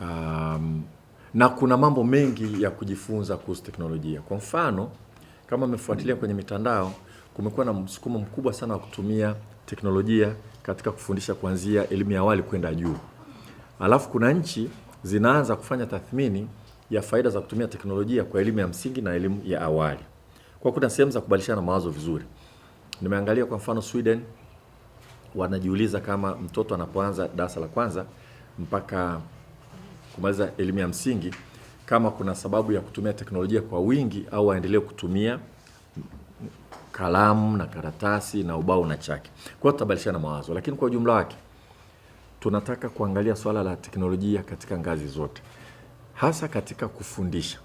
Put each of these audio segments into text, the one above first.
um, na kuna mambo mengi ya kujifunza kuhusu teknolojia. Kwa mfano, kama mmefuatilia kwenye mitandao, kumekuwa na msukumo mkubwa sana wa kutumia teknolojia katika kufundisha kuanzia elimu ya awali kwenda juu. Alafu kuna nchi zinaanza kufanya tathmini ya faida za kutumia teknolojia kwa elimu ya msingi na elimu ya awali. Kwa kuna sehemu za kubadilishana mawazo vizuri. Nimeangalia kwa mfano Sweden wanajiuliza kama mtoto anapoanza darasa la kwanza mpaka kumaliza elimu ya msingi, kama kuna sababu ya kutumia teknolojia kwa wingi au waendelee kutumia kalamu na karatasi na ubao na chaki. Kwa hiyo tutabadilishana mawazo, lakini kwa ujumla wake tunataka kuangalia swala la teknolojia katika ngazi zote, hasa katika kufundisha,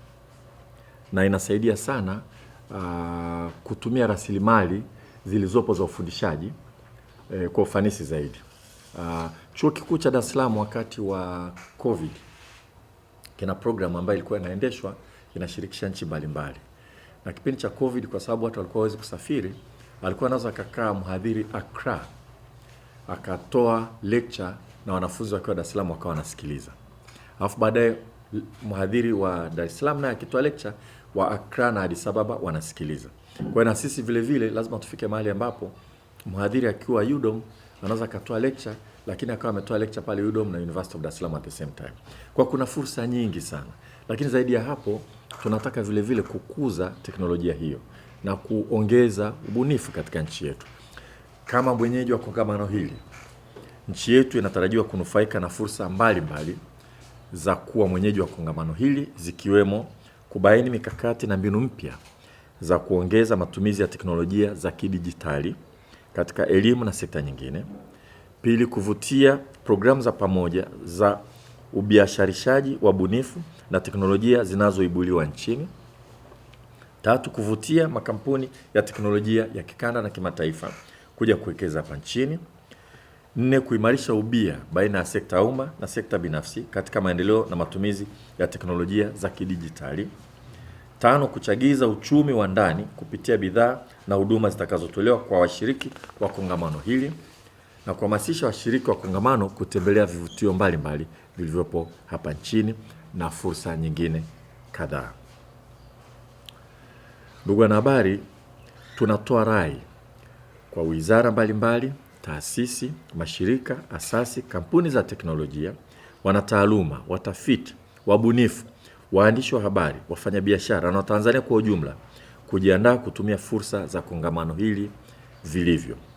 na inasaidia sana uh, kutumia rasilimali zilizopo za ufundishaji eh, kwa ufanisi zaidi. Uh, Chuo Kikuu cha Dar es Salaam wakati wa Covid Kina program ambayo ilikuwa inaendeshwa inashirikisha nchi mbalimbali, na kipindi cha COVID kwa sababu watu walikuwa hawezi kusafiri, alikuwa anaweza akakaa mhadhiri Accra akatoa lecture na wanafunzi wakiwa Dar es Salaam wakawa wanasikiliza, alafu baadaye mhadhiri wa Dar es Salaam naye akitoa lecture wa Accra na Addis Ababa wanasikiliza. Kwa hiyo na sisi vile vile lazima tufike mahali ambapo mhadhiri akiwa UDOM anaweza akatoa lecture lakini akawa ametoa lecture pale UDOM na University of Dar es Salaam at the same time. Kwa kuna fursa nyingi sana, lakini zaidi ya hapo tunataka vile vile kukuza teknolojia hiyo na kuongeza ubunifu katika nchi yetu. Kama mwenyeji wa kongamano hili, nchi yetu inatarajiwa kunufaika na fursa mbalimbali mbali za kuwa mwenyeji wa kongamano hili zikiwemo kubaini mikakati na mbinu mpya za kuongeza matumizi ya teknolojia za kidijitali katika elimu na sekta nyingine. Pili, kuvutia programu za pamoja za ubiasharishaji wa bunifu na teknolojia zinazoibuliwa nchini. Tatu, kuvutia makampuni ya teknolojia ya kikanda na kimataifa kuja kuwekeza hapa nchini. Nne, kuimarisha ubia baina ya sekta ya umma na sekta binafsi katika maendeleo na matumizi ya teknolojia za kidijitali. Tano, kuchagiza uchumi wa ndani kupitia bidhaa na huduma zitakazotolewa kwa washiriki wa kongamano hili na kuhamasisha washiriki wa kongamano kutembelea vivutio mbalimbali vilivyopo hapa nchini na fursa nyingine kadhaa. Ndugu wanahabari, tunatoa rai kwa wizara mbalimbali mbali, taasisi, mashirika, asasi, kampuni za teknolojia, wanataaluma, watafiti, wabunifu, waandishi wa habari, wafanyabiashara na Watanzania kwa ujumla kujiandaa kutumia fursa za kongamano hili vilivyo.